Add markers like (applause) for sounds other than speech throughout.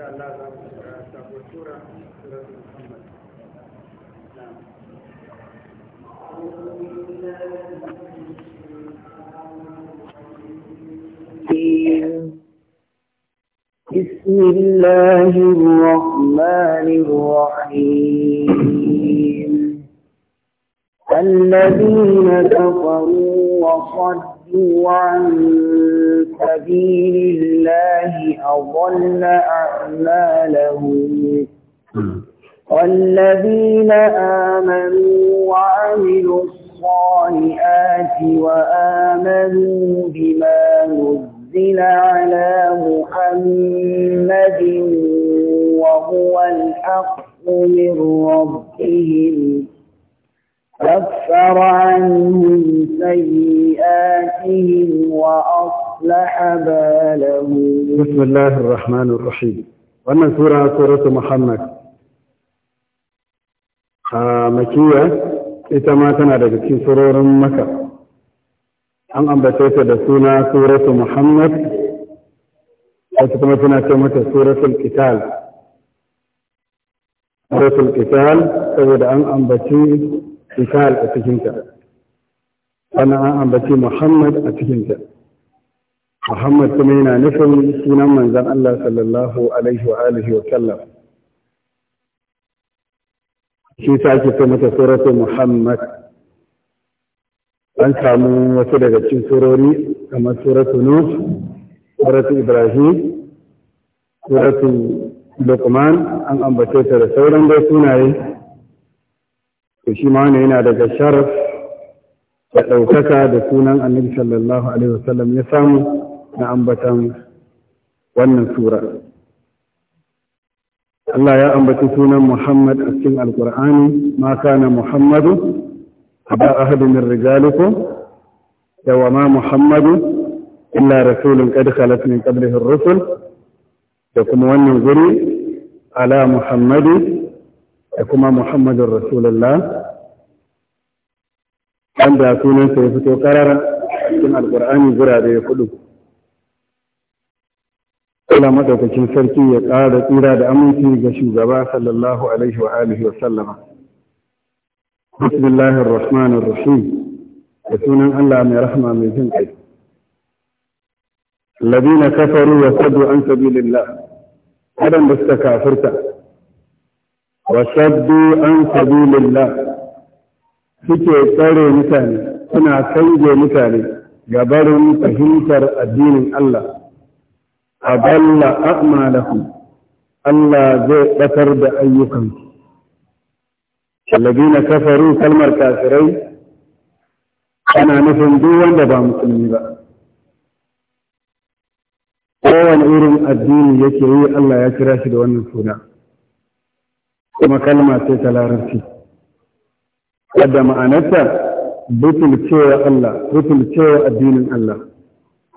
شاء الله za نعم. بسم الله الرحمن الرحيم الذين كفروا وصدوا يضل عن سبيل الله أضل أعمالهم والذين آمنوا وعملوا الصالحات وآمنوا بما نزل على محمد وهو الحق من ربهم كفر عنهم سيئاتهم وأصلح بالهم بسم الله الرحمن الرحيم wannan sura suratu muhammad a makiya ita ma tana daga cikin surorin maka an ambace ta da suna suratu muhammad wata kuma tana ce mata suratul qital suratul qital saboda an ambaci Mikal a cikinta, sannan an ambaci Muhammad a cikinta. Muhammad kuma yana nufin sunan manzan Allah sallallahu Alaihi wa alihi wa sallam. Shi ta ake so mata suratu Muhammad. An samu wasu daga cikin surori kamar suratu Nuh, suratu Ibrahim, suratu Luqman an ambace ta da sauran dai sunaye. to shi ma yana daga sharaf da ɗaukaka da sunan annabi sallallahu alaihi wasallam ya samu na ambatan wannan sura Allah ya ambaci sunan Muhammad a cikin Alƙur'ani ma kana Muhammadu aba ahadu min rijalikum da wa ma Muhammadu illa rasulun qad khalat min qablihi ar-rusul da kuma wannan guri ala Muhammadu da kuma muhammadun rasulullah wanda sunansa ya fito karara cikin alkur'ani gurare ya kudu Kula madaukakin sarki ya ƙara tsira da aminci ga shugaba sallallahu alaihi wa alihi wa sallama bismillahir rahmanir rahim da sunan Allah mai rahma mai jin kai الذين كفروا وصدوا عن سبيل الله suka مستكافرته wa an sabilillah suke tsare mutane suna kange mutane ga barin fahimtar addinin Allah a balla Allah zai ɓatar da ayyukan ayyukansu الذين kalmar kafirai. كافرين nufin duk wanda ba musulmi ba. kowane irin addini yake yi Allah ya kira shi da wannan suna kuma kalma ce ta larabci wadda ma'anarta cewa Allah cewa addinin Allah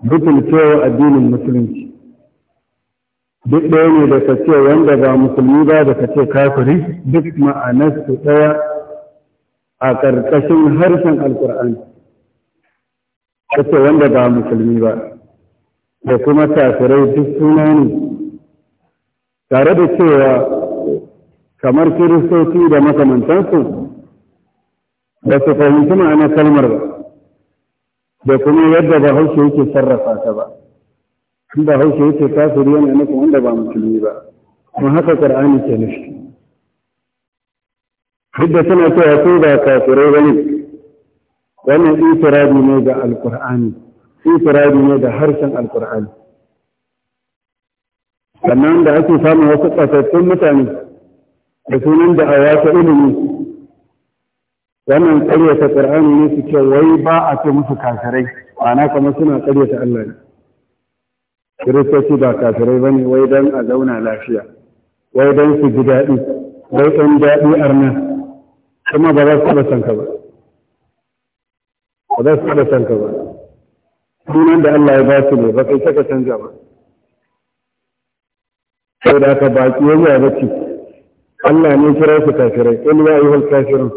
cewa addinin musulunci duk ɗaya ne da ka ce wanda ba musulmi ba da ka ce kafiri duk ma'anarsu ɗaya a ƙarƙashin harshen alkur'ani ka wanda ba musulmi ba da kuma kafirai duk suna ne tare da cewa kamar kiristoci da makamantansu ba su fahimci ma'anar kalmar ba da kuma yadda ba haushe yake sarrafa ta ba inda haushe yake kafiri yana nufin wanda ba musulmi ba kuma haka qur'ani ke nufi hidda suna cewa ko ba kafirai ba ne wannan itirabi ne ga alqur'ani itirabi ne da harshen alqur'ani sannan da ake samun wasu tsatattun mutane da sunan da a ta ilimi wannan karyata ƙar'ani ne su ce wai ba a ce musu kafirai ana kamar suna karyata Allah ne kiristoci ba kafirai ba ne wai don a zauna lafiya wai don su ji daɗi wai ɗan daɗi arna kuma ba za su taɓa sanka ba ba za su taɓa sanka ba sunan da Allah ya ba su ne ba kai saka canja ba sau da aka baki wani ya bace Allah ne kira su kafirai in ya yi wal kafirun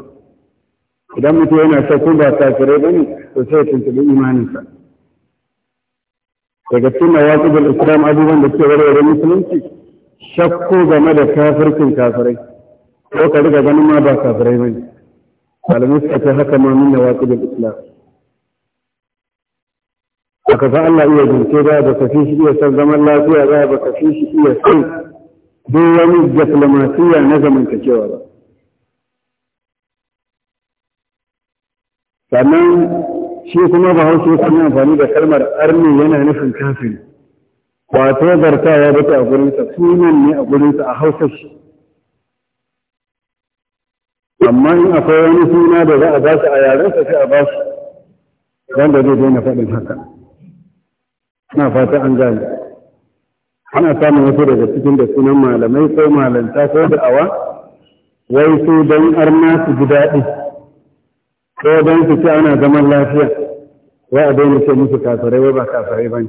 idan mutum yana sa ko ba kafirai bane to sai ya tuntubi imaninsa daga cikin da islam abubuwan da suke warware musulunci shakku game da kafircin kafirai ko ka riga ganin ma ba kafirai bane malamai suka ce haka ma nuna min da islam A san Allah iya zance ba ba ka fi shi iya san zaman lafiya ba ba ka fi shi iya san duk wani diflomasiyya na zamantakewa ba sannan shi kuma bahaushe sun amfani da kalmar arni yana nufin kafin wato zarta ya bata a gurinsa sunan ne a gurinsa a hausa shi amma in akwai wani suna da za a ba shi a yarensa sai a ba shi wanda zai daina faɗin haka na fata an gane ana samun wasu daga cikin da sunan malamai ko malanta ko da'awa wai su don arna su ji daɗi ko don su ci ana zaman lafiya wai a daina ce musu kafirai wai ba kafirai ba ne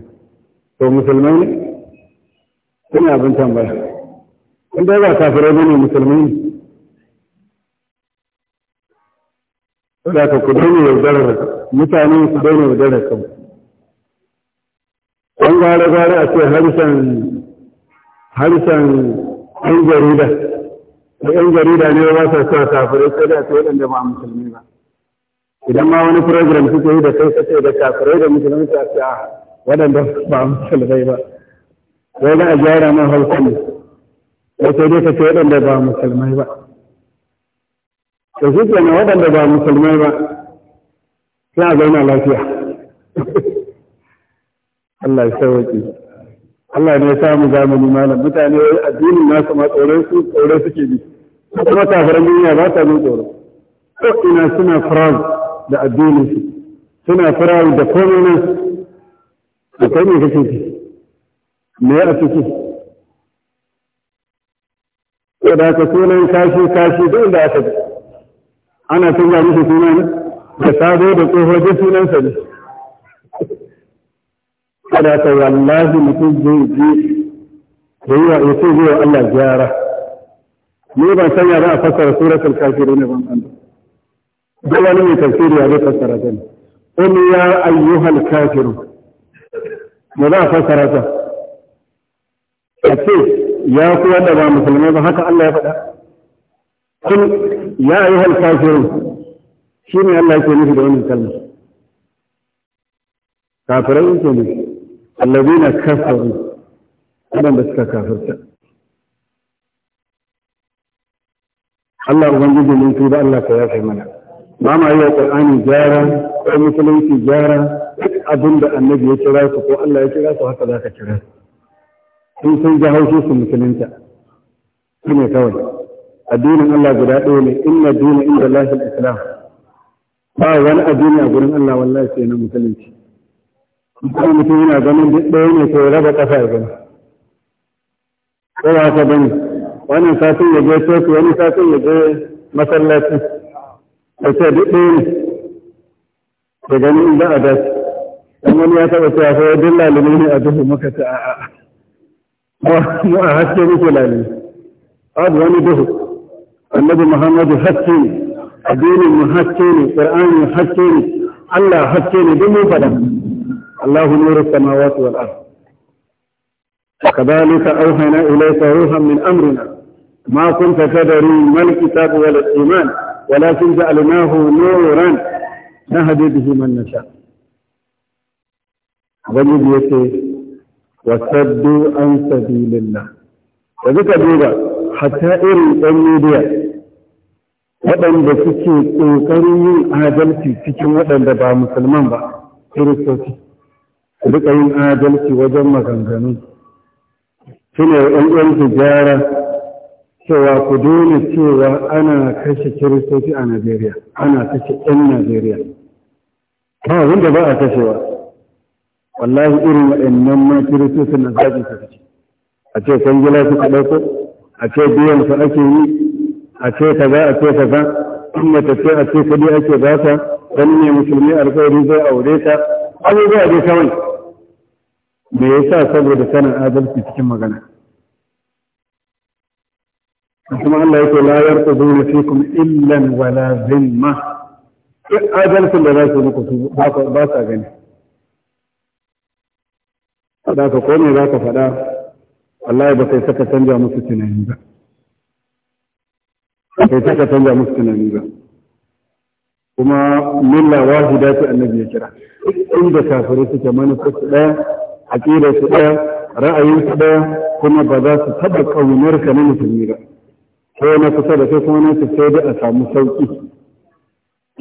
to musulmai ne suna abin tambaya in dai ba kafirai ba ne musulmai ne saboda ka ku daina yaudarar mutane su daina yaudarar kanku an gware-gware a ce harshen yan jarida da yan jarida ne ba sa sa kafirai sai da sai waɗanda ba musulmi ba idan ma wani program suke yi da kai kace da kafirai da musulmi ta ce a ah, waɗanda ba musulmai ba sai da a gyara mai hausa ne sai sai dai kace waɗanda ba musulmai ba to shi kenan waɗanda ba musulmai ba sai a zauna lafiya (laughs) Allah ya sauke Allah ne ya samu zamani malam mutane wai addinin nasu ma tsoron su tsore suke bi kuma kafiran duniya ba ta nuna tsoro ko ina suna firawu da addinin su suna firawu da komai nan da kai ne kake ci me a ciki ko da ka sunan kashi kashi duk da aka ana tunga musu sunan da sabo da tsoho sunan sa ne kada ta wallahi mutum zai je wa zai wa Allah ban san ya za a fassara suratul ban san da wani mai tafsiri ya zai fassara ta ne ya ayyuhal za a fassara ta a ce ya ku wanda ba musulmai ba haka Allah ya faɗa kun ya ayyuhal shi ne Allah ke nufi da kalmar kafirai ke nufi allazina kafaru waɗanda suka kafirta Allah ubangiji mun tuba Allah ka yafe mana ba ma yi wa Qur'ani gyara ko musulunci gyara duk abin da annabi ya kira su ko Allah ya kira su haka za ka kira sun san ji haushi su musulunta su ne kawai addinin Allah guda ɗaya ne inna dina inda lahi islam ba wani addini a gurin Allah wallahi sai na musulunci kuma mutum yana ganin duk ɗaya ne ko raba ƙasa ya gani ko ba haka bane wannan satin ya je coci wani satin ya je masallaci a ce duk ɗaya ne da gani inda a dace dan wani ya taɓa cewa fa wajen lalumi ne a duhu muka ta a'a mu a haske muke lalumi babu wani duhu annabi muhammadu haske ne addinin mu haske ne qur'ani haske ne allah haske ne duk mun faɗa الله نور السماوات والأرض وكذلك أوحينا إليك روحا من أمرنا ما كنت تدري ما الكتاب ولا الإيمان ولكن جعلناه نورا نهدي به من نشاء ubangiji ya ce wa saddu an sabilillah da suka duba hatta irin ɗan midiya waɗanda suke ƙoƙarin yin adalci cikin waɗanda ba musulman ba kiristoci rika yin adalci wajen maganganu shine ɗan ɗan gyara cewa ku dole cewa ana kashe kiristoci a Najeriya, ana kashe 'yan Najeriya. Ba wanda ba a kashewa. Wallahi irin waɗannan ma kiristocin na zaɓi su kashe. A ce kwangila suka ɗauko, a ce biyan su ake yi, a ce za a ce za. in mace ce a ce kuɗi ake ba ta, wani ne musulmi alƙawari zai aure ta, abubuwa dai kawai me yasa saboda sanin adalci cikin magana kuma Allah yake la yarquduna fikum illan wala zimma duk adalcin da za su muku ba sa gani da ka kome za ka faɗa wallahi ba kai saka canja musu tunani ba kai saka canja musu tunani ba kuma milla wahida ce annabi ya kira inda kafirai suke manufar su ɗaya aƙidar su ɗaya ra'ayin su ɗaya kuma ba za su taɓa ƙaunar ka na musulmi ba ko na kusa da kai kuma na su sai da a samu sauƙi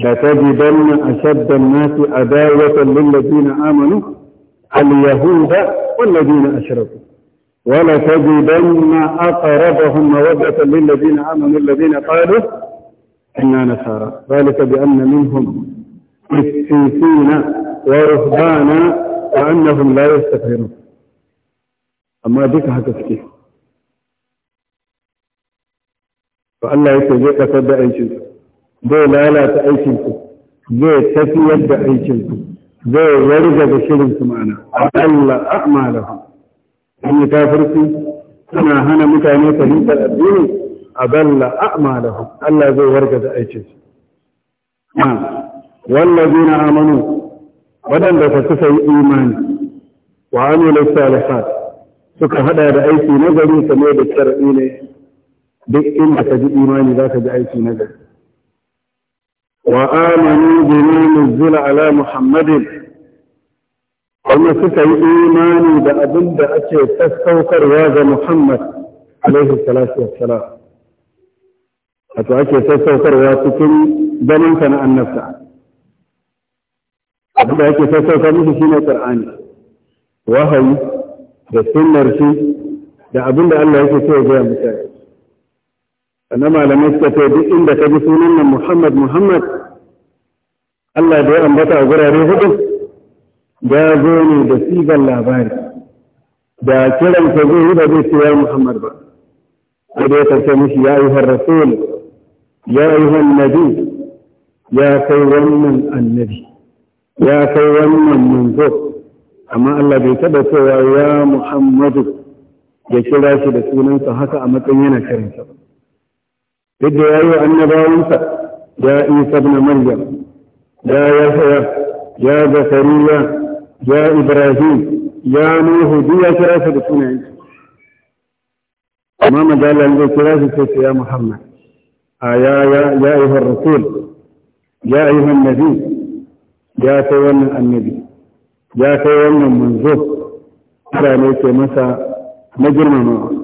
da ta jidanna a shaddan nasu a dawatan lillazina amanu al-yahuda wallazina ashraku wala tajidanna aqrabahum mawaddatan lillazina amanu allazina qalu إنا نسارى ذلك بأن منهم مستيسين ورهبانا وأنهم لا يستفيرون أما بك هكذا فالله يتجيك تبع عيشنك ذو لا لا تعيشنك ذو تفي يبع عيشنك ذو ورد بشرنك معنا ألا أعمالهم أني كافرتي أنا هنا متعنيك هنا الدين aballa a'malahu Allah zai warga da aikin su wallazina amanu wadanda ka kusa yi imani wa amilu salihat suka hada da aiki na gari kamar da shar'i ne duk inda ka ji imani za ka ji aiki na gari wa amanu bima nuzila ala muhammadin wanda suka yi imani da abin da ake sassaukarwa ga muhammad alaihi salatu wassalam wato ake sassaukarwa cikin ganin sa na annabta abinda ake sassaukar musu shine qur'ani wahayi da sunnar shi da abinda Allah yake so ya ga mutane sannan malamai suka ce duk inda ka bi sunan nan Muhammad Muhammad Allah da ya ambata a gurare hudu ya zo ne da sigan labari da kiran ka zai yi ba zai ce ya Muhammad ba sai da ya karshe mishi ya yi rasul يا أيها النبي يا كيوانا النبي يا من منذر أما الله بيتبتوا يا محمد يكلا سبسونا فهكا أما تنينا كريم بدي يا أيها النبي أنت يا إيسى بن مريم يا يحيى يا زكريا يا إبراهيم يا نوح دي يا كلا سبسونا أنت أمام جالا لكلا سبسونا يا محمد يا يا يا ايها الرسول يا ايها النبي يا تولى النبي يا تولى منظور على ليس مسا مجرم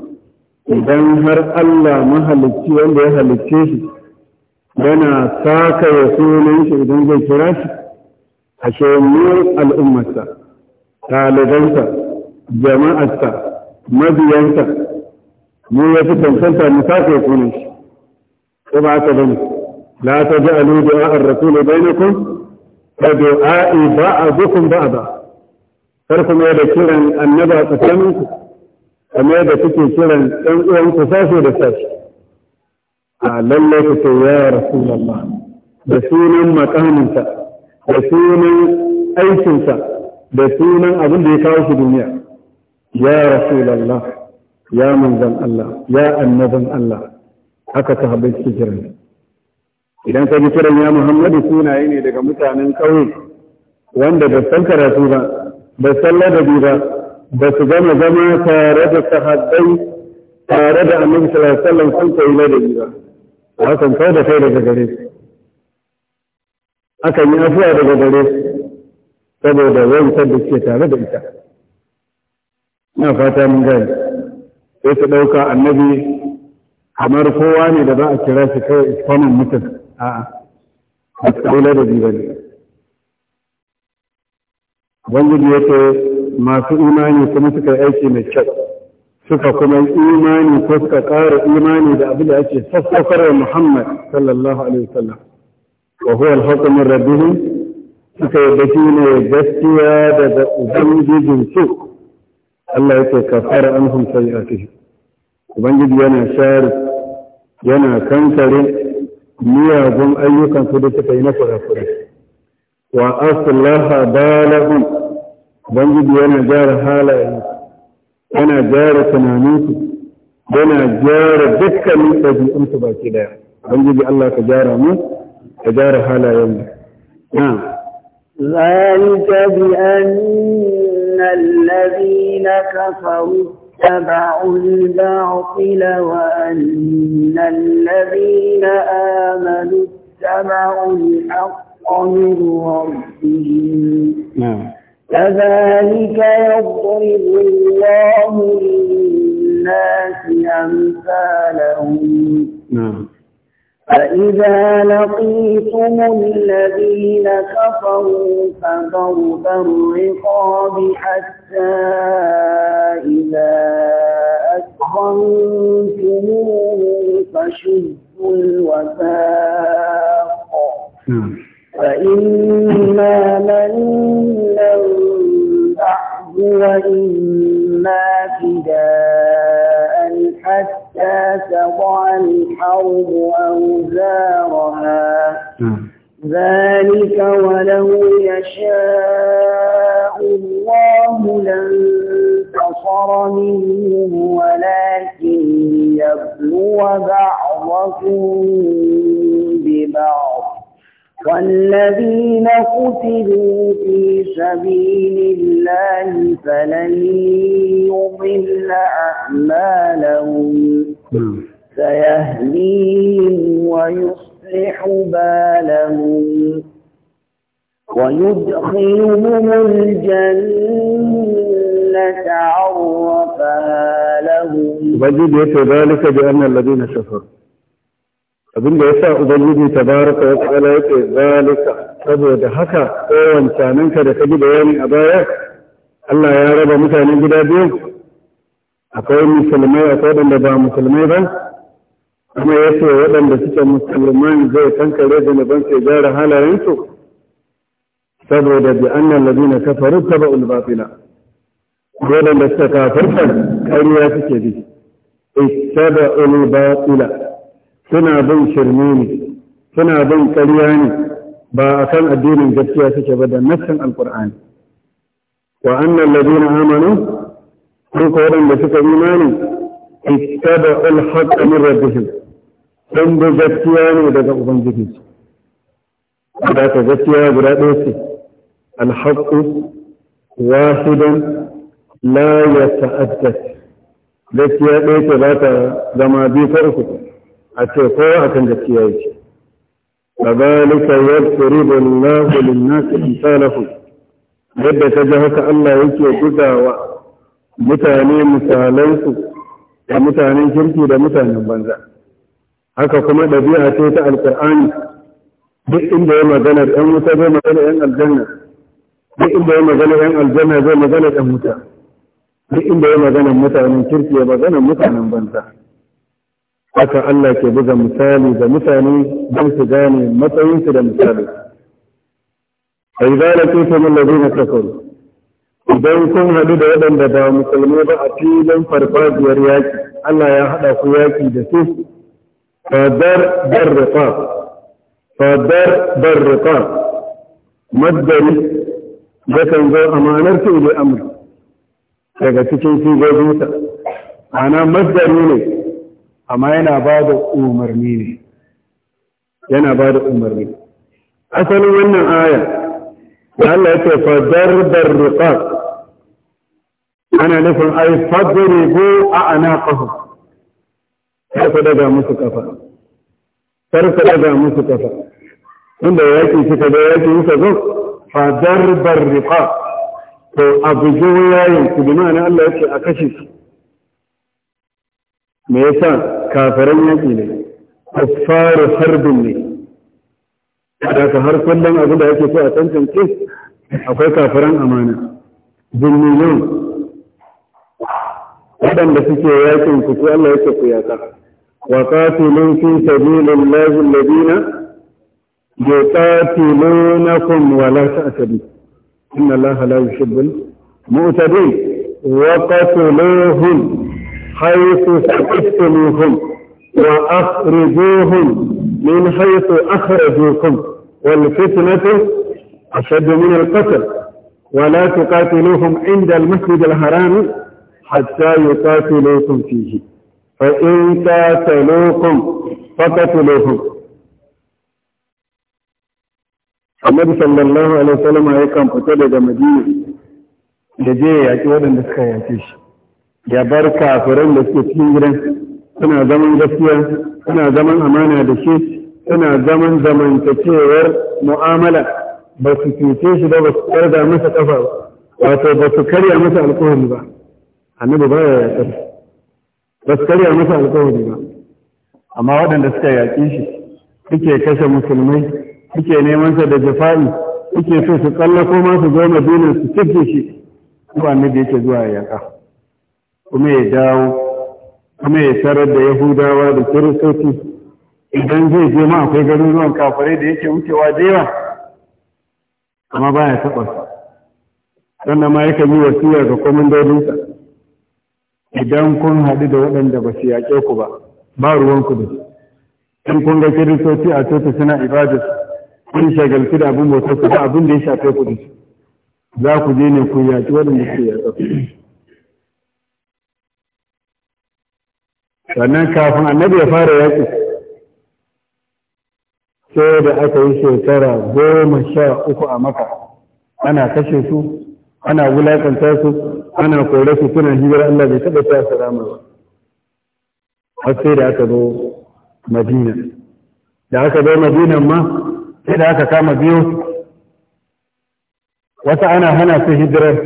idan har Allah mahalicci wanda ya halicce shi yana saka ya sunan shi idan zai kira shi a shawarar al'ummarsa ɗalibansa jama'arsa mabiyansa mu ya fi tantanta mu saka ya sunan shi ko ba ta bane la ta ja'alu du'a ar-rasul bainakum ka du'a'i ba'dukum ba'da kar ku mai da kiran annaba tsakaninku kamar da kuke kiran ɗan uwan ku da sashi a lalle ku ya rasulullah da sunan makaminsa da sunan aikinsa da sunan abin da ya kawo duniya ya rasulullah ya Allah ya Allah Aka ta haɓe suke kiran idan ka ji kiran ya muhammadu sunaye ne daga mutanen ƙauye wanda ba san karatu ba ba san ladabi ba ba su gama zama tare da sahabbai tare da annabi sallallahu alaihi wasallam sun koyi ladabi ba hakan kai da kai daga gare su akan yi afuwa daga gare su saboda wancan da suke tare da ita ina fata mun gani sai su ɗauka annabi kamar kowa ne da za a kira shi kawai iskonin mutum a a tsaula da bibali wani ya ce masu imani kuma suka yi aiki mai kyau suka kuma imani ko suka ƙara imani da abin da ake sassafar wa muhammad sallallahu alaihi wasallam wa huwa alhaqu min rabbihim suka yi da ne gaskiya daga ubangijin su Allah yake kafara a sayi'atihim ubangiji yana share yana kankare miyagun ayyukan su da suka yi na kurakurai wa aslaha balahu ubangiji yana gyara halayen yana gyara tunaninsu yana gyara dukkanin ɗabi'unsu baki daya ubangiji Allah ka gyara mu ka gyara halayen mu na'am ذلك بأن الذين كفروا اتبعوا الباطل وأن الذين آمنوا اتبعوا الحق من ربهم نعم. كذلك يضرب الله للناس أمثالهم نعم. فإذا لقيتم الذين كفروا فضرب الرقاب حتى إذا أثخنتموه فشدوا الوثاق نعم. فإما من بعد وإما فداء حتى تضع الحرب أوزارها نعم. ذلك ولو يشاء الله لانتصر منهم ولكن يبلو بعضكم ببعض والذين قتلوا في سبيل الله فلن يضل أعمالهم نعم. سيهديهم ويصلح بالهم ويدخلهم الجنة عرفها لهم وجد ذلك بأن الذين كفروا abin da ya yasa ubangiji ka wa ala yake zalika saboda haka kowane tananka da ji bayani a baya Allah ya raba mutane gida biyu akwai musulmai akwai waɗanda ba musulmai ba kuma ya ce waɗanda suke musulman zai kankare da sai gyara halayensu saboda bi annan na kafaru taba ulbafina. waɗanda suka kafarta kariya suke bi ittaba ulbatila suna bin shirme ne suna bin ƙarya ne ba a kan addinin gaskiya suke ba da nassan alƙur'ani wa annan ladina amanu sun ko waɗanda suka imani ittada alhaq min rabbihim dan da gaskiya ne daga ubangiji da ka gaskiya guda ɗaya ce alhaq wahidan la yata'addad gaskiya ɗaya ce za ta zama biyu ta a ce kowa kan gaskiya yake kadhalika yadribu Allahu lin-nasi misalahu yadda ta ji haka Allah yake gudawa mutane misalansu da mutanen kirki da mutanen banza haka kuma ɗabi'a ce ta alƙur'ani duk inda ya magana ɗan wuta zai magana ɗan aljanna duk inda ya magana ɗan aljanna zai magana ɗan wuta duk inda ya magana mutanen kirki ya magana mutanen banza haka Allah ke buga misali da mutane don su gane matsayinsu da misali a yi zana kusa min da zina kafin idan kun haɗu da waɗanda ba musulmi ba a filin farfajiyar yaƙi Allah ya haɗa ku yaƙi da su fadar barrafa fadar barrafa maddari yakan zo amanar fi'ili amr daga cikin sigoginsa ana maddari ne amma yana ba da umarni ne yana ba da umarni asalin wannan aya ya Allah ya ce fa darbar riqaq ana nufin ai fadribu a anaqahu kar ka daga musu kafa kar ka daga musu kafa inda yake kika da yake kika zo fa darbar riqaq to abu yayin ku bi ma'ana Allah ya ce a kashe su me yasa kafiran yaƙi ne kuffaru harbin ne da ka har kullum abin da ake so a tantance akwai kafiran amana zulmiyan waɗanda suke yakin ku Allah yake ku yaƙa wa qatilu fi sabilillahi alladhina yuqatilunakum wa la ta'tadu inna allaha la yuhibbul mu'tadin wa qatiluhum حيث سقفتموهم وأخرجوهم من حيث أخرجوكم والفتنة أشد من القتل ولا تقاتلوهم عند المسجد الحرام حتى يقاتلوكم فيه فإن قاتلوكم فقتلوهم Annabi sallallahu alaihi wasallam ya kan fita daga Madina da je ya yaki waɗanda suka yace shi. ya bar kafiran da suke cikin gidan suna zaman gaskiya suna zaman amana da shi suna zaman zamantakewar mu'amala ba su cuce shi ba ba su karda masa kafa wato ba su karya masa alkawari ba annabi ba ya yaƙar ba su karya masa alkawari ba amma waɗanda suka yaƙi shi suke kashe musulmai suke neman sa da jafa'i suke so su tsallako ma su zo madina su cike shi ko annabi yake zuwa yaƙa kuma ya dawo kuma ya tarar da yahudawa da kiristoci idan zai je ma akwai garuruwan kafare da yake wucewa da amma ba ya taɓa sannan ma yakan yi wasiya ga kwamandodinsa idan kun haɗu da waɗanda ba su yaƙe ku ba ba ruwanku da su in kun ga kiristoci a coci suna ibada kun shagaltu da abin bautar ku abin da ya shafe ku da za ku je ne ku yaƙi waɗanda su yaƙe sannan kafin annabi ya fara yaƙi sai da aka yi shekara goma sha uku a maka ana kashe su ana wulaƙanta su ana kore su tunan hijirar Allah bai taɓa ta su ramar har sai da aka zo Madina da aka zo Madina ma sai da aka kama biyu wata ana hana su hijirar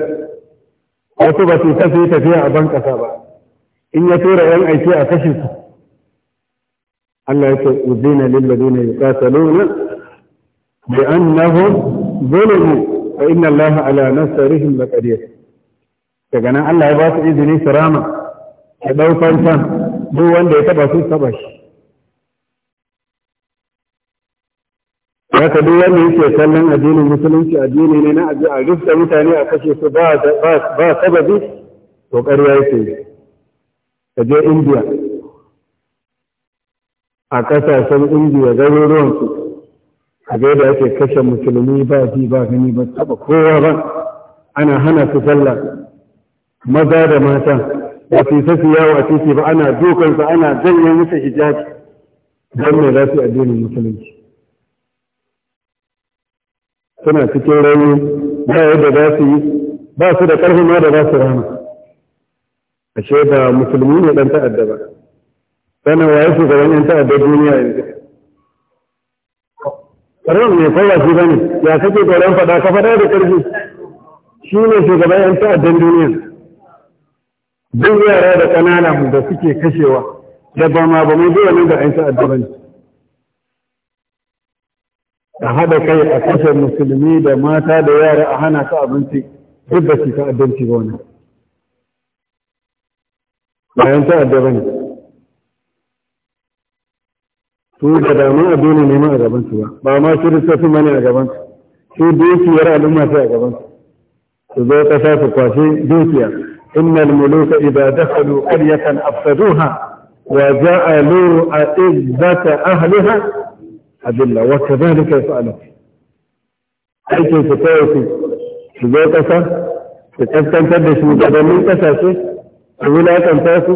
wasu ba su tafi tafiya a ban ƙasa ba in ya tura yan aiki a kashe su Allah ya ce uzina lil ladina yuqataluna bi annahum zalimu fa inna Allah ala nasrihim laqadir daga nan Allah ya ba su izini su rama ya daukan san duk wanda ya taba su taba shi haka duk wanda yake kallon addinin musulunci addini ne na a rufta mutane a kashe su ba sababi to ƙarya yake ka je indiya a ƙasashen indiya ruwansu, a ga da ake kashe musulmi ba ji ba gani ba taba kowa ba ana hana su sallah maza da mata ba su ta su yawo a titi ba ana dukansu ana janye musu hijabi don me za su addinin musulunci suna cikin rauni ba yadda za su yi ba su da ƙarfin ma da za su rana. ashe da musulmi ne dan ta'adda ba sanan waye su gaban yan ta'adda duniya yanzu karam ne kowa shi bane ya kake koran fada ka fada da karfi shi ne shugaban yan ta'addan duniya duk yara da kanana da suke kashewa da ba ma ba mu biya ne da yan ta'adda ne. a haɗa kai a kashe musulmi da mata da yara a hana ka abinci duk da shi ta'addanci ba wannan bayan ta'adda ba ne su da damu a dole neman a gabansu ba ba ma su ristafin mani a gabansu su dukiyar al'umma sai a gabansu su zo ƙasa su kwashe dukiya innal muluka idza dakhalu qaryatan afsaduha wa ja'alu a'izzata ahliha adilla wa kadhalika yaf'alu aikin su kawai su zo ƙasa su kaskantar da shugabannin ƙasashe su wulakanta su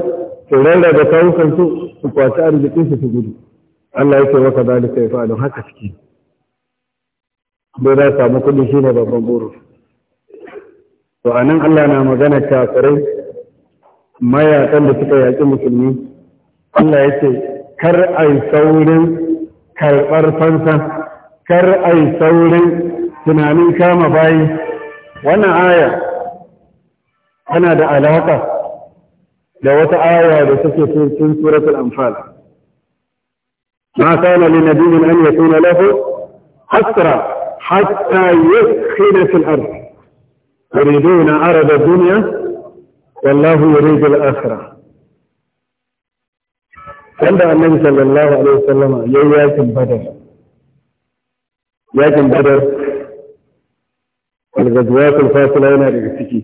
su rarraba kawukan su su kwaci arzikin su su gudu Allah yake maka zalika ya fa'alu haka suke bai za samu shi ne babban buru to a nan Allah na magana kafirai mayakan da suka yaƙi musulmi Allah yake kar a yi saurin karɓar fansa kar a yi saurin tunanin kama bayi wannan aya tana da alaƙa da wata aya da take cikin suratul anfal ma kana lin nabiyyi an yakuna lahu hasra hatta yuskhina fil ardh يريدون عرض الدنيا والله يريد الآخرة عند النبي صلى الله عليه وسلم يأتي بدر يأتي بدر الغزوات الفاصلة هنا لغتكي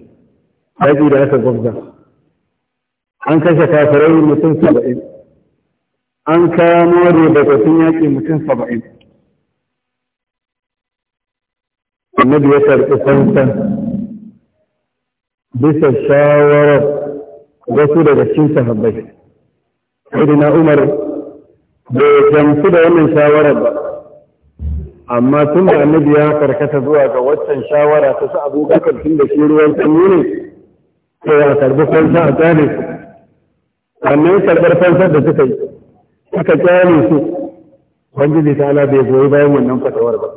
هذه رأس الغزة an kashe kafirai mutum saba'in an kamo ribatattun yaƙi mutum saba'in annabi ya karɓi fansan bisa shawarar wasu daga cikin sahabbai na umar bai gamsu da wannan shawarar ba amma tun da annabi ya karkata zuwa ga waccan shawara ta su abubakar tun da shi ruwan sanyi ne sai a karbi fansa a tsare wannan karɓar fansar da suka yi suka kyale su wanda ta ala bai goyi bayan wannan fatawar ba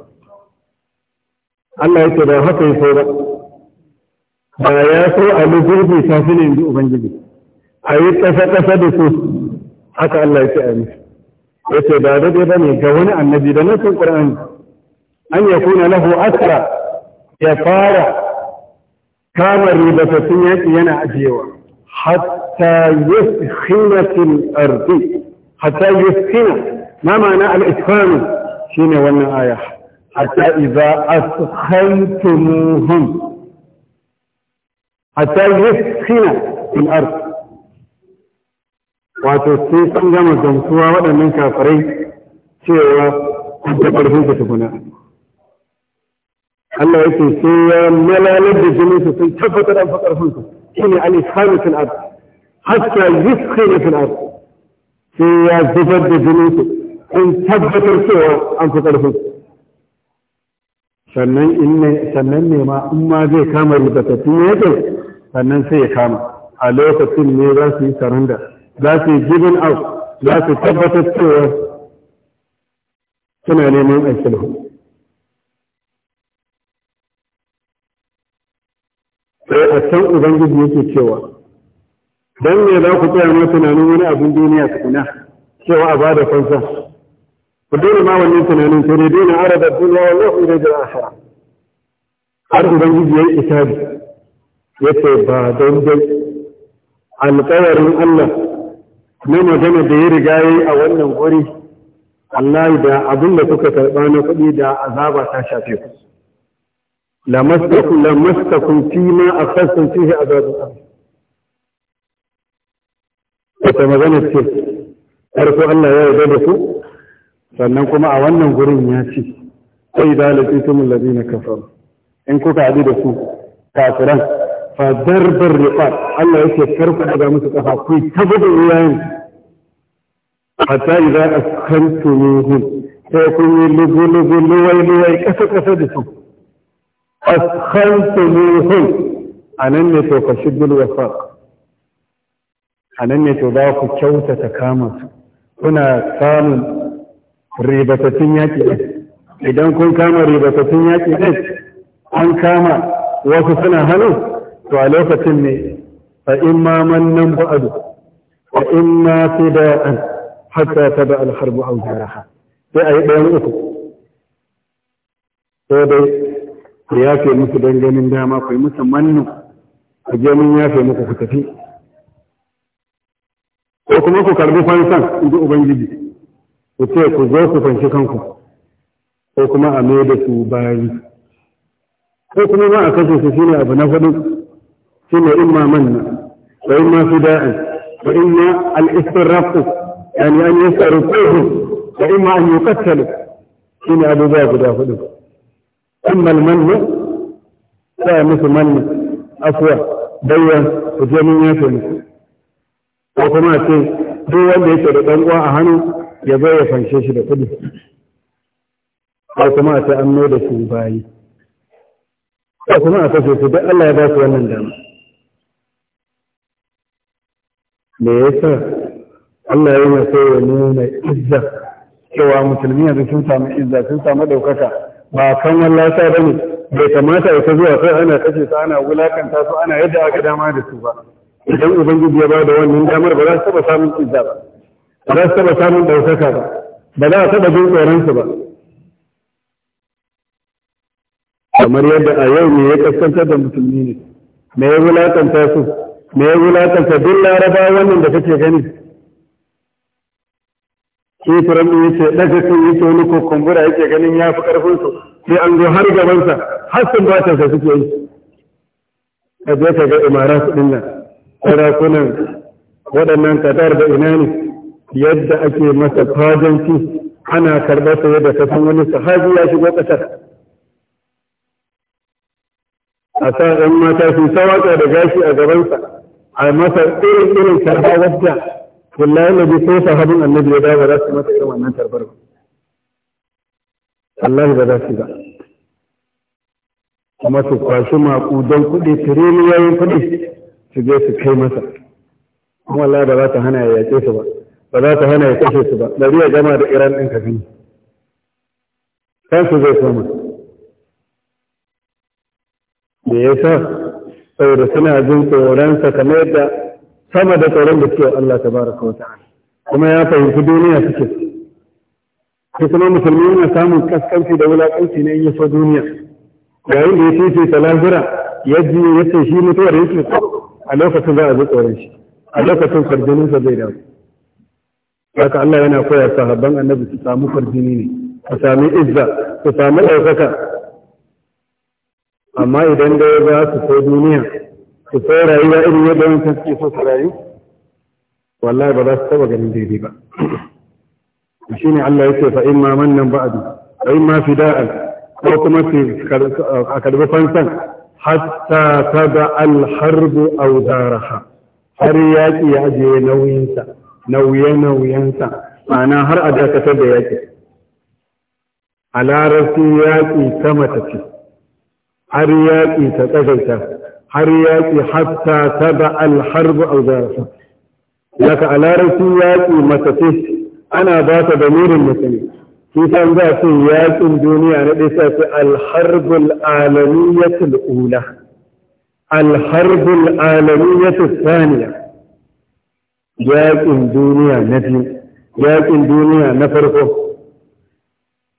Allah ya ce ba haka ya so ba ba ya so a lugurbi ta fi ne inji ubangiji a yi ƙasa-ƙasa da su haka Allah ya ce a yi. ya ce ba daɗe ba ne ga wani annabi da nufin ƙur'ani an ya kuna lahu asra ya fara kamar ribatattun yaƙi yana ajiyewa حتى يسخن في الأرض حتى يسخن ما معنى الإسخان شين وانا آية حتى إذا أسخنتموهم حتى يسخن في الأرض وتسي سنجم الزمسوا وانا من كافرين شيئا أنت قرفين كتبنا الله يسي ملا لبي جميسة تفتر أنفقر فنكم شيني الإسخان في الأرض حتى يسخن في الأرض فيتجدد جنوسه إن ثبت الكوع أن تطرفه sannan in ne sannan ne ma in ma zai kama rubatattun yakin sannan sai ya kama a lokacin ne za su yi saranda za su yi giving out za su tabbatar cewa suna neman aikin sai a can ubangiji yake cewa don me za ku tsaya ma tunanin wani abin duniya tukuna cewa a bada fansa ku dole ma wannan tunanin sai dai dole ara da duniya wallahu da jira akhirah har ubangiji ya yi isabi ce ba don dai alƙawarin Allah na magana da ya riga yi a wannan wuri Allah da abin da kuka karɓa na kuɗi da azaba ta shafe ku lamastakum lamastakum fi ma a fihi azabun da ta magana ce ƙarfi Allah ya yarda da su sannan kuma a wannan gurin ya ce sai da lafitumul ladina kafaru in kuka haɗu da su kafiran fa darbar riqab Allah yake karku daga musu kafa ku ta gudun yayin hatta idza askantumuhum sai kun yi lugu lugu luwai luwai kasa kasa da su askantumuhum anan ne to fashidul wasaq a nan ne to za ku kyautata kama su kuna samun ribatattun yaƙi ɗin idan kun kama ribatattun yaƙi ɗin an kama wasu suna hannu to a lokacin ne fa in ma mannan ba'adu fa in ma fi da an hatta ta da alharbu a jaraha sai a yi ɗayan uku sai dai ku yafe musu don ganin dama kai yi musu mannu ku je mun yafe muku ku tafi ko kuma ku karbi fansan inji ubangiji ku ce ku zo ku fanshi kanku ko kuma a mai da su bayi ko kuma ma a kashe su shine abu na ne in ma manna in wa imma fida'an wa imma al-istirrafu yani an yi yasarrufuhum wa imma an yuqattalu shine abubuwa guda hudu amma al-manna sa musu manna afuwa bayyan ku je mun yafe musu ko kuma ce duk wanda yake da dan uwa a hannu ya zo ya fanshe shi da kuɗi ko kuma ce an da su bayi ko kuma a kashe su duk Allah ya ba su wannan dama me yasa Allah ya yi so ya nuna izza cewa musulmi yanzu sun samu izza sun samu ɗaukaka ba kan wallata ba ne bai kamata ya ta zuwa sai ana kashe su ana wulakanta su ana yadda aka dama da su ba idan ubangiji ya ba da wannan damar ba za su taba samun izza ba ba za su taba samun ɗaukaka ba ba za a taba jin su ba kamar yadda a yau ne ya kaskantar da musulmi ne me ya wulakanta su me ya wulakanta duk laraba wannan da kake gani shi turamu ya ce ɗaga sun yi wani ko kumbura yake ganin ya fi ƙarfinsu sai an zo har gabansa har sun sa suke yi a je ka ga imara su ɗin nan sarakunan waɗannan kadar da ina ne yadda ake masa fajanci ana karɓar sa yadda ta san wani sahabi ya shigo ƙasar a sa ɗan mata su ta da gashi a gabansa a masa irin irin karɓa wadda wallahi na bi ko sahabin annabi ya dawo za su masa irin wannan karɓar ba Allah ba za su ba kuma su kwashi maƙudan kuɗi tiriliyoyin kuɗi su je su kai masa kuma Allah ba za ta hana ya yaƙe su ba ba za ta hana ya kashe su ba bari ya gama da Iran ɗin ka gani kansu zai koma da ya sa saboda suna jin tsoronsa kamar yadda sama da tsoron da suke Allah ta baraka wa ta'ala kuma ya fahimci duniya suke su kuma musulmi yana samun kaskanci da wulakanci na yin duniya yayin da ya fice ta lahira ya ji ya ce shi mutuwar yake so a lokacin za a ji tsoron shi a lokacin farjininsa zai dawo haka Allah yana koya sahabban annabi su samu farjini ne su sami izza su sami ɗaukaka amma idan da za su so duniya su so rayuwa irin yadda wancan suke so su rayu wallahi ba za su taba ganin daidai ba shi ne Allah yake fa in ma mannan ba'adu fa in ma fida'an ko kuma a karbi fansan hatta ta tada alharbu audaraha har yaƙi ya je nauyinsa nauye-nauyensa ma'ana har a dakatar da yaƙi a larabci yaƙi ta matafi har yaƙi ta tsagaita har yaƙi hatta ta tada alharbu audaraha daga a larabci yaƙi matafi ana ba ta da nurin mutane shi san za su yakin duniya na ɗaya sai su alharbul alamiyatul ula alharbul alamiyatul saniya yakin duniya na biyu yakin duniya na farko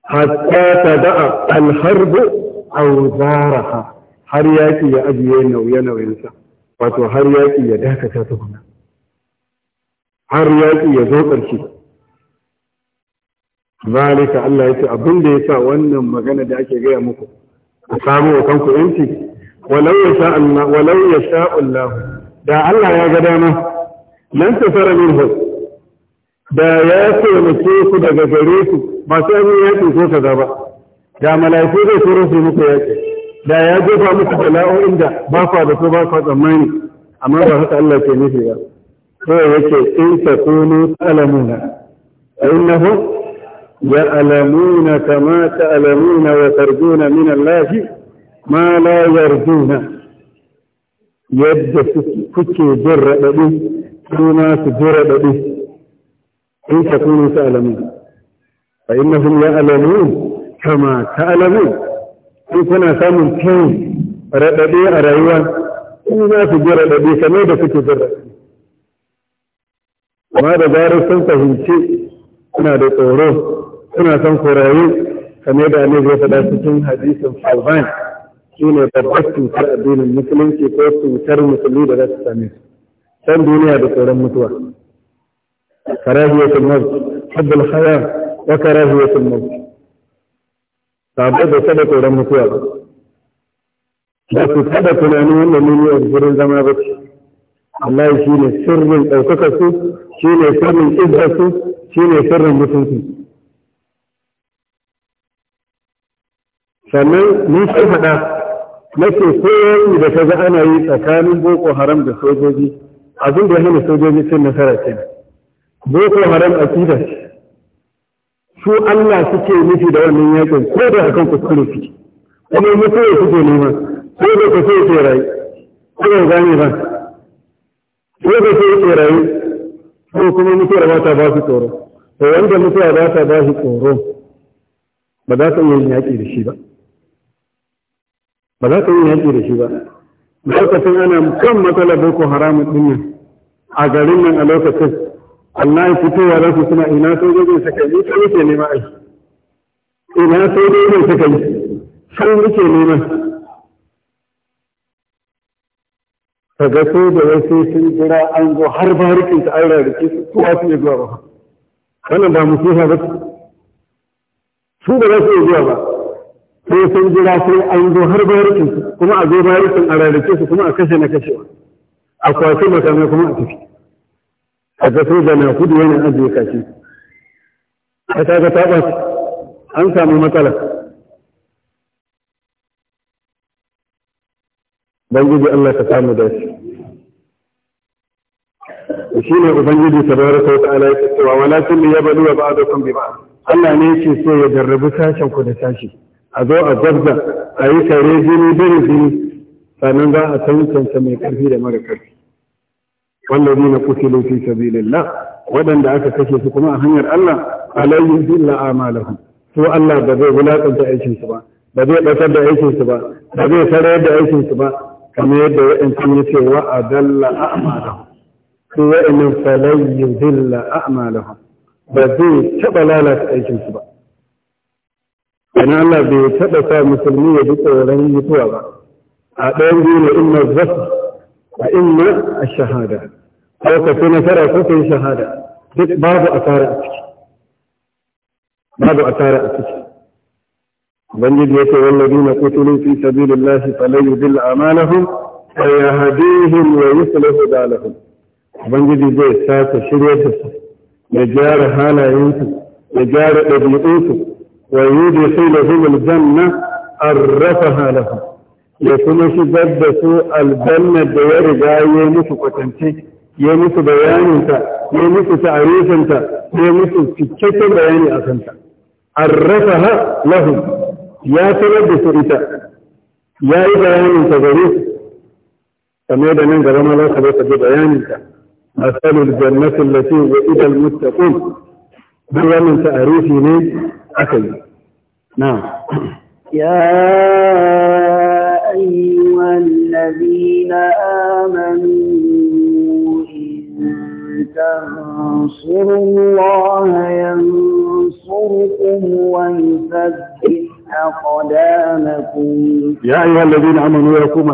hatta ta da'a alharbu auzaraha har yaki ya ajiye nauye-nauyensa wato har yaki ya dakata tukuna har yaki ya zo ƙarshe zalika Allah ya ce abin da ya sa wannan magana da ake gaya muku ku samu wa kanku yanci walau ya sha Allah walau ya Allah da Allah ya ga dama lan tasara minhu da ya mu taimake ku daga gare ku ba sai mun yaki ko kaza ba da malaiku zai turo su muku yaki da ya jefa muku bala'o'in da ba ku da su ba ku tsammani amma ba haka Allah ke nufi ba sai yake in takunu alamuna innahu يألمون كما تألمون وترجون من الله ما لا يرجون يد فكي جر به كما تجر به إن تكونوا تألمون فإنهم يألمون كما تألمون إن كنا سامن كين رددي أرأيوان كما تجر تجرة كما تجر بدي ماذا da zarar sun suna da tsoro suna son ku kamar da ne zai faɗa cikin hadisin Salman shi ne babbar cutar addinin musulunci ko cutar musulmi da za su same san duniya da tsoron mutuwa karahiyatul mawt habbul khaya wa karahiyatul mawt sabo da sada tsoron mutuwa ba da ku tada tunanin wannan ne duniyar gurin zama ba ce Allah shi ne sirrin ɗaukaka su shi ne sirrin izzar su Shi ne sirrin mutunci sannan mun sai faɗa nake koyarwa da ta ga ana yi tsakanin boko haram da sojoji abin da ya hana sojoji cin nasara ce boko haram a ce su Allah suke nufi da wannan yakin ko da akan kuskure su kuma mutuwa suke nema ko da ka kuskure ke rayu ko da gane ba ko da kuskure ke rayu ko kuma mutuwa ba ta ba su tsoro to wanda mutuwa ba ta ba su tsoro ba za ka yi yaƙi da shi ba ba za ka yi yaƙi da shi ba lokacin ana kan matsalar boko haram din nan a garin nan a lokacin Allah ya fitowa za su suna ina sojojin suka yi ta yake nema ai ina sojojin suka yi sun yake nema ka ga sai da wai sai sun jira an zo har ba rikin ta an rarrake su ko a ne zuwa ba wannan ba musifa ba su da wasu ne zuwa ba sai sun jira sai an zo har ba rikin su kuma a zo ba rikin a rarrake su kuma a kashe na kashe kashewa a kwace makamai kuma a tafi a ga sai da na kudu yana ajiye kashi ka ta ga ta an samu matsala ubangiji Allah ka samu da shi shi ne ubangiji tabaraka wa ta'ala yake cewa walakin yabluwa ba'dakum bi ba'd Allah ne yake so ya jarrabu sashen ku da sashi a zo a gwabza a yi tare jini bin jini sannan za a tantance mai karfi da mara karfi wallazi na kutilu fi sabilillah waɗanda aka kashe su kuma a hanyar Allah alayhi billa amalahum su Allah ba zai wulaƙanta aikin su ba ba zai ɗaukar da aikin su ba ba zai sarar da aikin su ba kamar yadda wa'in ya ce wa a dalla a'malahum su wa'in falayyin dilla a'malahum ba zai taɓa lalata aikinsu ba wani Allah bai taɓa sa musulmi ya bi tsoron mutuwa ba a ɗayan biyu na inna zafi a inna a shahada ko ka fi nasara ko ka yi shahada duk babu asara a ciki babu asara a ciki بنجد الذين قتلوا في سبيل الله فلا يدل أعمالهم ويهديهم ويصلح بالهم بنجد يجي ساتة يوسف يجار ابن ينسل يجار ابنئوس لهم الجنة أرفها لهم يكونش ضد سوء الجنة دير جاي يمسك بيان انت يمسك تعريف انت يمس تكتب بيان انت عرفها لهم ya sanar da su ita ya yi bayanin ta gare su kamar da nan gaba ma za ka zo ka ji bayanin ta masalul jannatin lati wa idal muttaqun duk wannan ta'arifi ne aka yi na'am يا أيها الذين آمنوا إن تنصروا الله ينصركم ويثبت أقدامكم يا أيها الذين آمنوا يا قوم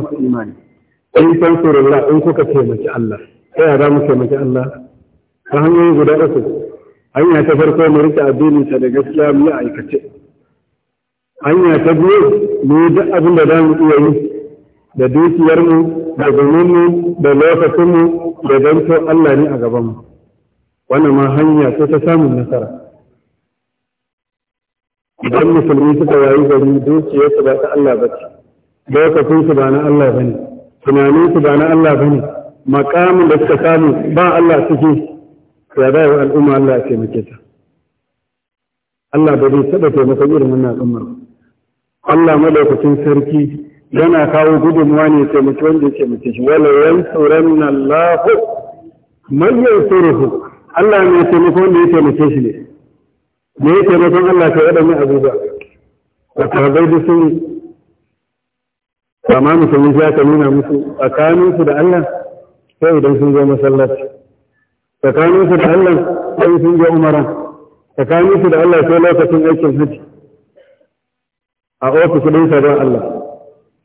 إن تنصروا الله إن كنتم الله يا رب كما الله فهم يقولوا أن يتفرقوا مرتع الدين سنة الإسلام لا أيكتب an yi ta biyu ne duk abin da za mu iya yi da dukiyarmu, mu da domin mu da lokacin da don to Allah ne a gaban mu ma hanya ce ta samun nasara idan musulmi suka yayi gari dukiyarsu ba ta Allah ba ce lokacin su ba na Allah ba ne su ba na Allah ba ne makamin da suka samu ba Allah ciki ya bayar wa al'umma Allah ya taimake ta Allah ba zai taɓa taimakon irin wannan al'ummar Allah madaukakin sarki yana kawo gudunmuwa ne taimaki wanda ya taimake shi wala yan tsoron Allah man yan Allah ne taimako wanda ya taimake shi ne me yake taimakon Allah ka waɗannan abubuwa a tarzai da sun kama musulmi ya ka nuna musu su da Allah sai idan sun zo masallaci su da Allah sai sun zo umara su da Allah sai lokacin aikin haji a ofis sa don Allah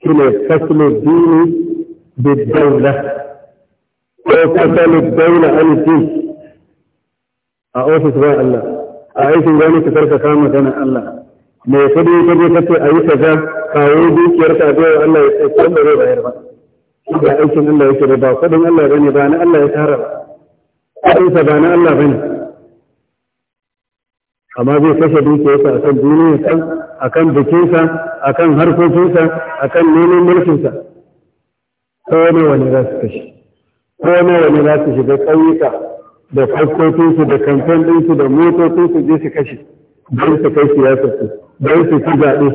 shi ne fasle dini da daula ko fasle daula an a ofis don Allah a aikin gani ka karka kama magana Allah mai kudi ta je kace ayi kaza kawo dukiyar ka ga Allah ya tsaya da zai bayar ba da aikin Allah yake da ba kudin Allah bane ba na Allah ya tara ba kudin sa ba Allah bane amma zai kashe dukiyarsa akan duniya kan akan bikinsa akan harkokinsa akan neman mulkinsa ko ne wani za su kashe ko ne wani za su shiga ƙauyuka da faskokinsu da kamfen ɗinsu da motocinsu je su kashe don su kai siyasarsu don su ci zaɓe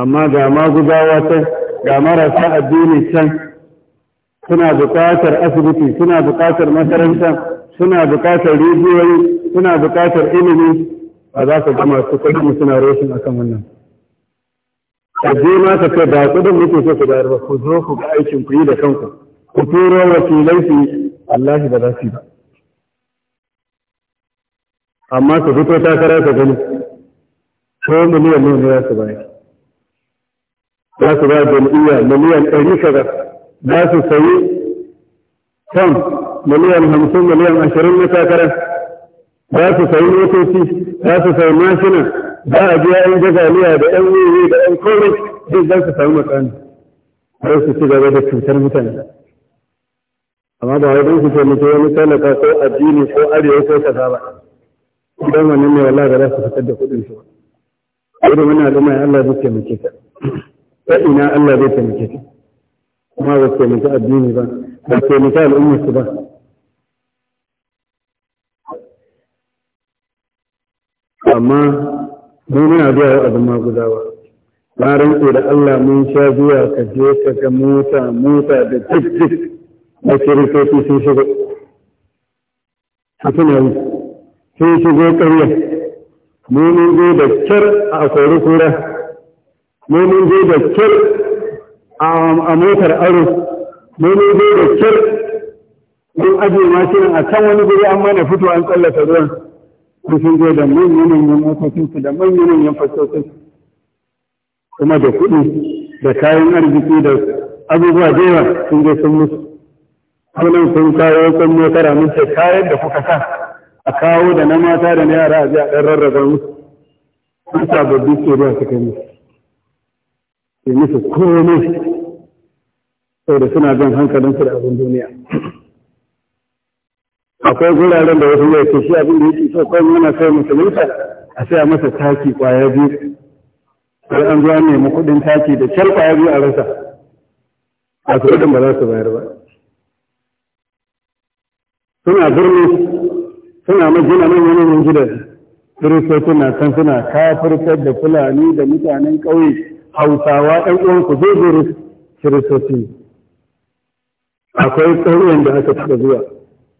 amma ga maguzawa can ga marasa addini can suna buƙatar asibiti suna buƙatar makaranta suna buƙatar rijiyoyi suna buƙatar ilimi ba za ka gama su kuɗin suna roshin akan wannan kaje ma ka ce ba kudin muke so ku bayar ba ku zo ku ga aikin ku yi da kanku ku turo wakilai su Allah ba za su yi ba amma su fito kara ka gani ko miliyan ne za su bayar za su bayar jam'iyya miliyan ɗari kaza za su sayi kan miliyan hamsin miliyan ashirin na takara za su sayi motoci za su sayi mashina za a biya 'yan jazaliya da 'yan wuri da 'yan kowai, duk za su sami matsani za su ci gaba da cutar mutane amma ba wai don su taimake wani talaka ko addini ko arewa ko kaza ba idan wani ne wala da za su fitar da kuɗin su ba irin wannan al'umma Allah zai taimake ta ta ina Allah zai taimake ta kuma ba taimake addini ba ba taimake al'umma su ba amma mu muna zuwa yau abin maguzawa na rantsu da Allah mun sha zuwa ka je ka ga mota mota da jif jif da kiristoci sun shigo su tuna yi sun shigo ƙarya mumin zo da kyar a akwai kura mumin zo da kyar a motar aro mumin zo da kyar mun ajiye mashinan a can wani guri an mana fito an tsallaka ruwan sun sun zo da manyan motocinsu da manyan fasocinsu kuma da kuɗi da kayan arziki da abubuwa da yawa sun je sun musu sunan sun kawo kun motara mun ce kayan da kuka sa a kawo da na mata da na yara a ji a ɗan rarraba musu sun sababbi ke ba su kai musu ke musu komai da suna jan hankalinsu da abin duniya akwai guraren da wasu yake shi abin da yake so kawai yana kai musulunta a a masa taki kwaya biyu sai an zuwa nemi kuɗin taki da kyal kwaya biyu a rasa a kuɗin ba za su bayar ba suna birni suna majina manyan yanayin gidan kiristoci na kan suna kafirtar da fulani da mutanen ƙauye hausawa ɗan uwanku zai zuru kiristoci akwai ƙauyen da aka taɓa zuwa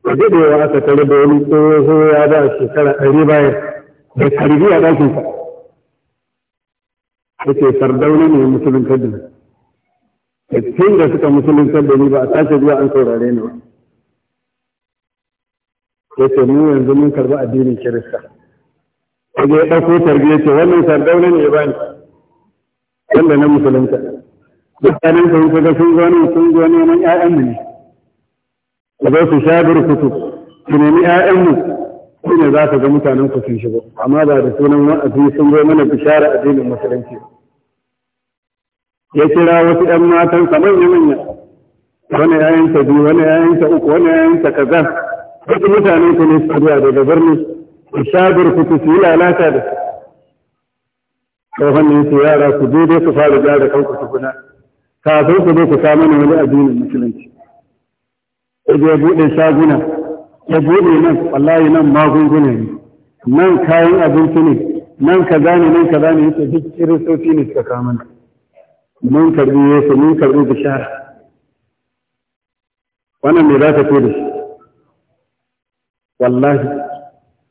a daɗewa aka tare da wani tsoho ya ba shekara ɗari bayan da karbi a ɗakinsa yake sardauna ne musulunta da tun da suka musulun da ba a sace zuwa an saurare ni ba ya ce mun yanzu mun karbi addinin kirista kaje ya ɗauko tarbiyya ce wannan sardauna ne ba bani wanda na musulunta nan sun kaga sun zo nan sun zo neman ƴaƴan mu ne da za su sha burkutu su nemi ƴaƴan mu su ne za ka ga mutanen ku sun shigo amma ba da sunan wa'azi sun zo mana bishara addinin musulunci ya kira wasu ‘yan matan kamar manya-manya wani ‘ya'yanta biyu wani ‘ya'yanta uku wani ‘ya'yanta kaza duk mutanen ku ne su zuwa daga birni ku shagar ku ku su yi lalata da su tsohon ne su yara ku je dai ku fara gyara kanku tukuna kafin ku zo ku samu ne wani addinin musulunci ya je buɗe shaguna ya buɗe nan wallahi nan magunguna ne nan kayan abinci ne nan ka zane nan ka zane yake duk kiristoci ne suka kama na mun karbi yesu mun karbi bishara wannan me za ka ce da shi wallahi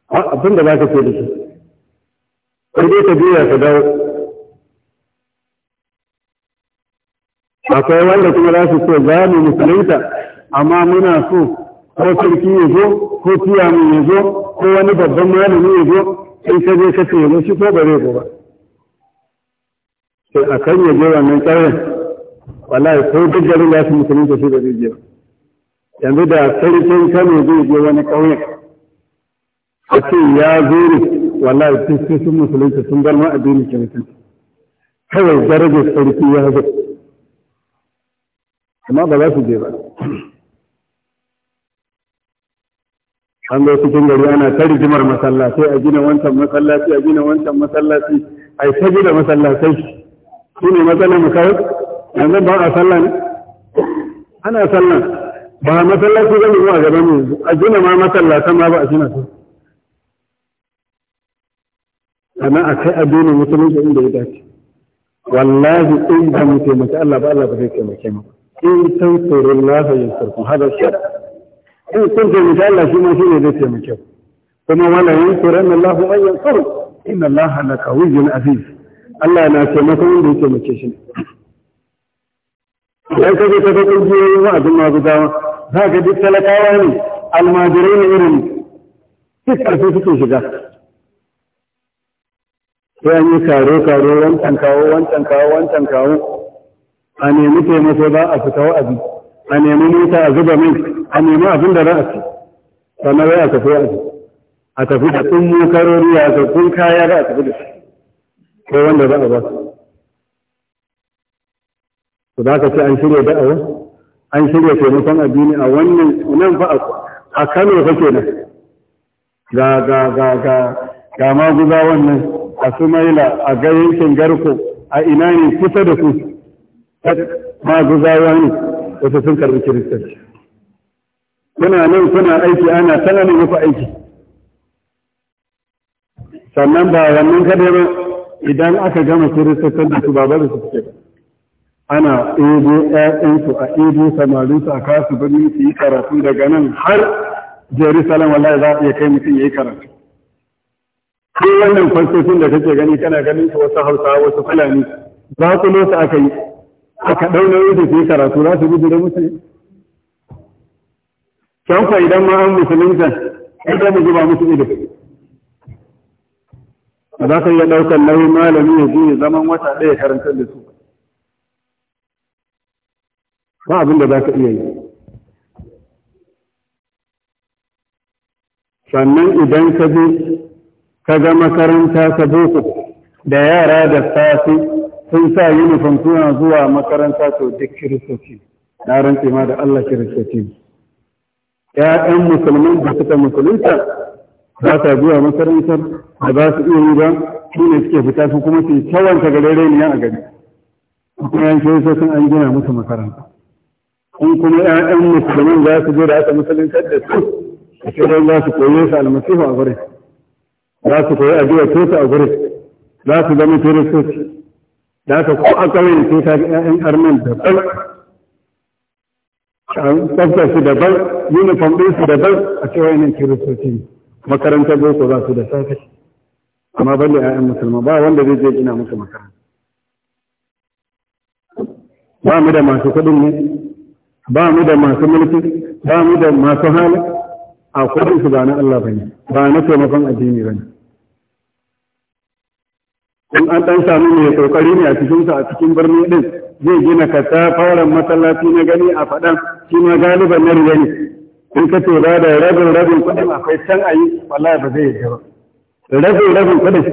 abin da za ka ce da shi sai dai ka juya ka dawo akwai wanda kuma za su ce za mu musulunta amma muna so ko sarki ya zo ko mu ya zo ko wani babban malami ya zo sai ka je ka ce mushi ko bare ko ba sai a kan ya je wannan tsarin wallahi ko duk garin za su musulunta shi da zai je ba yanzu da sarkin kano zai je wani ƙauye a ce ya zo ne wallahi sai sun musulunta sun zama addini ke mutum kawai darajar sarki ya zo amma ba za su je ba an zo cikin gari ana ta rigimar masallatai a gina wancan masallaci a gina wancan masallaci a yi ta gina masallatai shi ne matsalar mu kawai yanzu ba a sallah ne ana sallah ba masallaci zan zuwa gaban yanzu a gina ma masallata ma ba a gina su sannan a kai addinin musulunci inda ya dace wallahi in ba mu taimaki Allah ba Allah ba zai taimake mu in san tsoron lafa yin sarkun hada shara in kun taimaki Allah shi ma shi ne zai taimake ku kuma wala yin tsoron Allah ba yin tsoro inna Allah la kawiyyun aziz Allah na taimaka wanda ya taimake shi ne idan ka je ka ga kungiyoyin wa'azin magudawa za ga duk talakawa ne almajirai ne irin duk ƙarfi suke shiga sai an yi karo karo wancan kawo wancan kawo wancan kawo a nemi taimako ba a fita wa'azi a nemi mota a zuba mai a nemi abin da za a ci sannan wai a tafi wa'azi a tafi da tsun mukarori a zaɓin kaya za a tafi da shi ko wanda za a ba su. Su za ka ce an shirya da'awa? an shirya taimakon addini a wannan nan fa a Kano fa kenan ga ga ga ga ga guza wannan a Sumaila a ga yankin Garko a ina ne kusa da ku maguzawa ne wasu sun karbi kiristanci kuna nan kuna aiki ana sanar muku aiki sannan ba wannan kadai ba idan aka gama kiristanci da su ba ba su suke ba ana ɗebo ‘ya'yansu a ɗebo samarinsu a kasu birnin su yi karatu daga nan har jerusalem wallahi za a iya kai mutum ya yi karatu duk wannan fansofin da kake gani kana ganin su wasu hausa wasu fulani za su losa aka yi aka ɗauna da su yi karatu za su gudu da mutum. can fa idan ma an musulunta sai da mu zuba musu ido za ka iya ɗaukar nauyin malami ya je zaman wata ɗaya karantar da su ba abin da za ka iya yi sannan idan ka je ka ga makaranta ta boko da yara da safi sun sa uniform suna zuwa makaranta to duk kiristoci na rantse ma da Allah kiristoci ‘ya'yan musulman da suka musulunta ba sa zuwa makarantar da ba su iya yi ba su ne suke fita su kuma su yi kyawanta ga ne a gari kuma yan kiristoci an gina musu makaranta in kuma ‘ya'yan musulmin za su je da aka musulunta da su a kiran za su koye su almasihu a gurin za su koyi addu'a ce a gurin za su zama kiristoci da aka ko a ƙauyen ce ta ga ‘ya'yan armen daban tsaftar su daban uniform ɗin su daban a cewa yanin kiristoci makarantar boko za su da safe amma balle ‘ya'yan musulman ba wanda zai je gina musu makaranta ba mu da masu kuɗin ne ba mu da masu mulki ba mu da masu hali a kudin su ba na Allah bane ba na taimakon addini bane in an dan samu mai kokari ne a cikin sa a cikin birni din zai gina kata fara masallaci na gani a fadan shi ma galiban na rigani ne in ka ce ba da rabin rabin kudin akwai can ayi wallahi ba zai yi ba rabin rabin kudin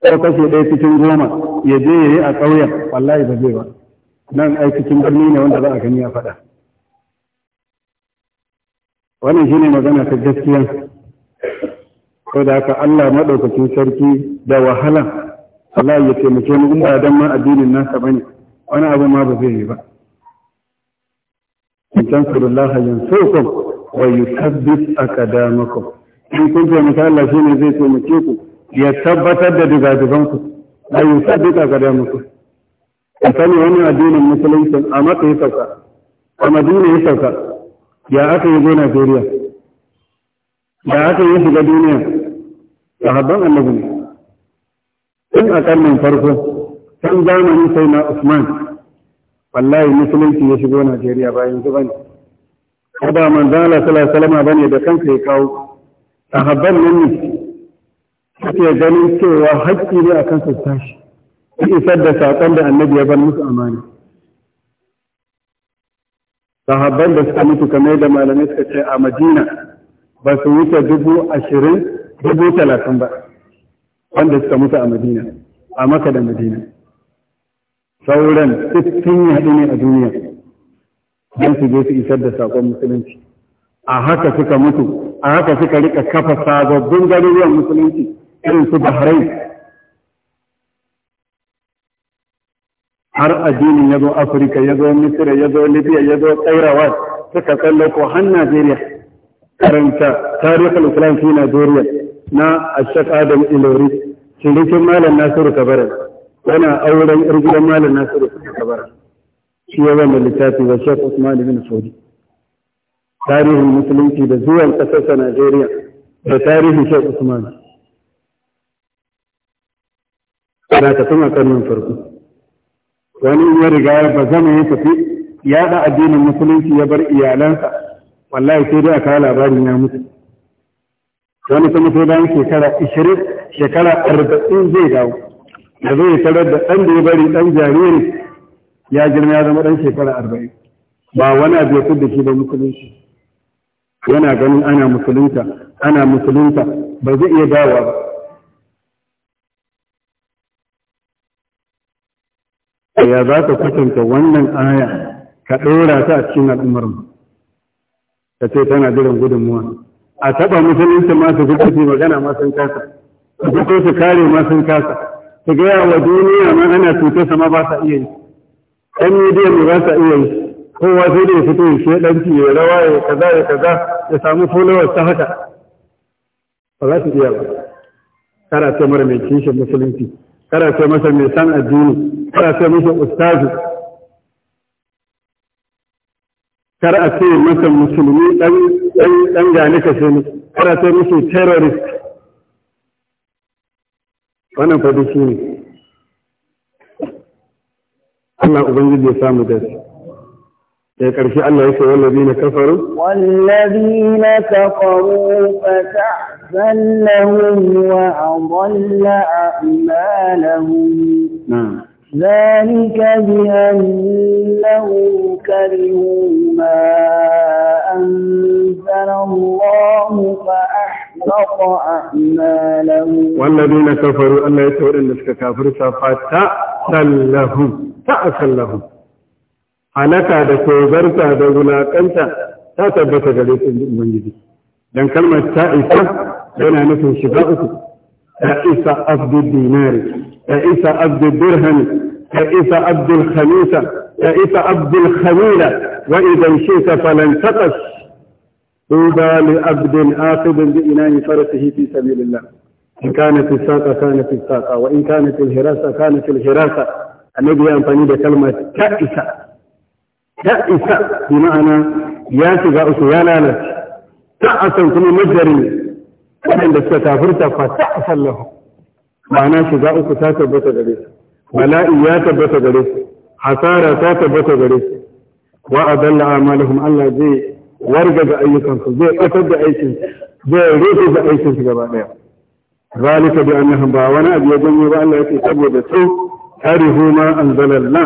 sai kashe ɗaya cikin goma ya je ya yi a ƙauyen wallahi ba zai ba nan ai cikin birni ne wanda za a gani a faɗa wannan shine magana ta gaskiya ko da haka Allah madaukakin sarki da wahala Allah ya taimake mu ba dan ma addinin nasa bane wani abu ma ba zai yi ba in tansurullaha yansurukum wa yuthabbit aqdamakum in kun taimaka Allah shine zai taimake ku ya tabbatar da dugadugan ku la yuthabbit aqdamakum ka sani wani addinin musulunci a maka ya sauka a madina ya sauka ya aka yi zo najeriya ya aka yi shiga duniya sahabban annabi ne tun a karnin farko tun zamanin sai na usman wallahi musulunci ya shigo najeriya bayan zuba ne kada manzala sallallahu alaihi wasallam bane da kanka ya kawo a sahabban nan ne suke ganin cewa haƙƙi ne akan su tashi isar da saƙon da annabi ya bar musu amana sahabban da suka mutu kamar yadda malamai suka ce a madina ba su wuce dubu ashirin dubu talatin ba wanda suka mutu a madina a maka da madina sauran sittin yaɗu ne a duniya don su je su isar da saƙon musulunci a haka suka mutu a haka suka rika kafa sababbin garuruwan musulunci irin su bahrain har addinin ya zo afirka ya zo misira ya zo libya ya zo tsairawa suka tsallako har najeriya karanta tarihul islam fi najeriya na ashaq adam ilori shirikin malam nasiru kabara yana auren yar gidan malam nasiru kabara shi ya wanda littafi wa shek usman bin saudi tarihin musulunci da zuwan ƙasarsa najeriya da tarihin shek usman na tafi a karnin farko wani ya riga ya ba zama ya tafi ya da addinin musulunci ya bar iyalansa wallahi sai dai aka labarin ya mutu wani kuma sai bayan shekara 20 shekara 40 zai dawo da zai tarar da ɗan da ya bari ɗan jariri ya girma ya zama ɗan shekara 40 ba wani abu ya da shi ba musulunci yana ganin ana musulunta ana musulunta ba zai iya dawowa ba ya za ka kwatanta wannan aya ka ɗora ta a cikin al'ummar mu ka ce tana jiran gudunmuwa a taɓa musulunci masu gudu magana ma sun kasa su fito su kare ma sun kasa su gaya wa duniya ma ana cutar sama ba sa iya yi ɗan midiya ne ba sa iya yi kowa sai dai fito ya shaɗanci ya rawa ya kaza ya kaza ya samu followers ta haka ba za su iya ba kara ce mara mai kishin musulunci kara ce masa mai san addini ana masa ustazu kar a ce masa musulmi dan dan dan gane ka ce ne kar a masa terrorist wannan fa duk ne Allah ubangiji ya samu shi. da ƙarshe Allah ya ce wallazi na kafaru wallazi na kafaru fata a wa adalla a'malahum na'am ذلك بأنه كره ما أنزل الله فأحبط أعماله والذين كفروا أن لا يتعود أن نسك كافر سفاتا سلهم سأسلهم حالتا دكوبرتا دغلاقنتا تتبت جليس من جديد لأن كلمة تائفة بين نفس الشفاء عيسى عبد الدينار عيسى عبد الدرهم عيسى عبد الخميسة عيسى عبد الخميلة وإذا شئت فلن تقص طوبى لعبد آخذ بإناء فرسه في سبيل الله إن كانت الساقة كانت الساقة وإن كانت الهراسة كانت الهراسة النبي أنطني بكلمة كائسة كائسة بمعنى يا سجاء سيالالك تعسا كل مجرم waɗanda suka kafirta fa ta'asal lahum ma'ana za uku ta tabbata gare su bala'i ya tabbata gare su hasara ta tabbata gare su wa adalla amalahum Allah zai warga da ayyukansu zai ƙasar da aikin zai rufe da aikin su gaba ɗaya zalika bi annahum ba wani abu ya janyo ba Allah yake saboda su karihu ma anzalalna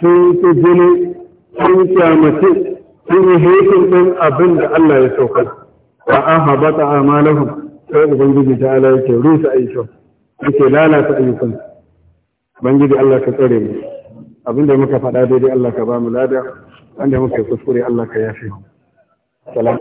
sun su jini sun kyamace sun yi haifin ɗin abin da Allah ya saukar wa an habata amalahum sai ubangiji ta ala yake rusa ayyukan yake lalata ayyukan ubangiji Allah ka tsare mu abinda muka faɗa daidai Allah ka ba mu lada wanda muka kuskure Allah ka yafe mu salam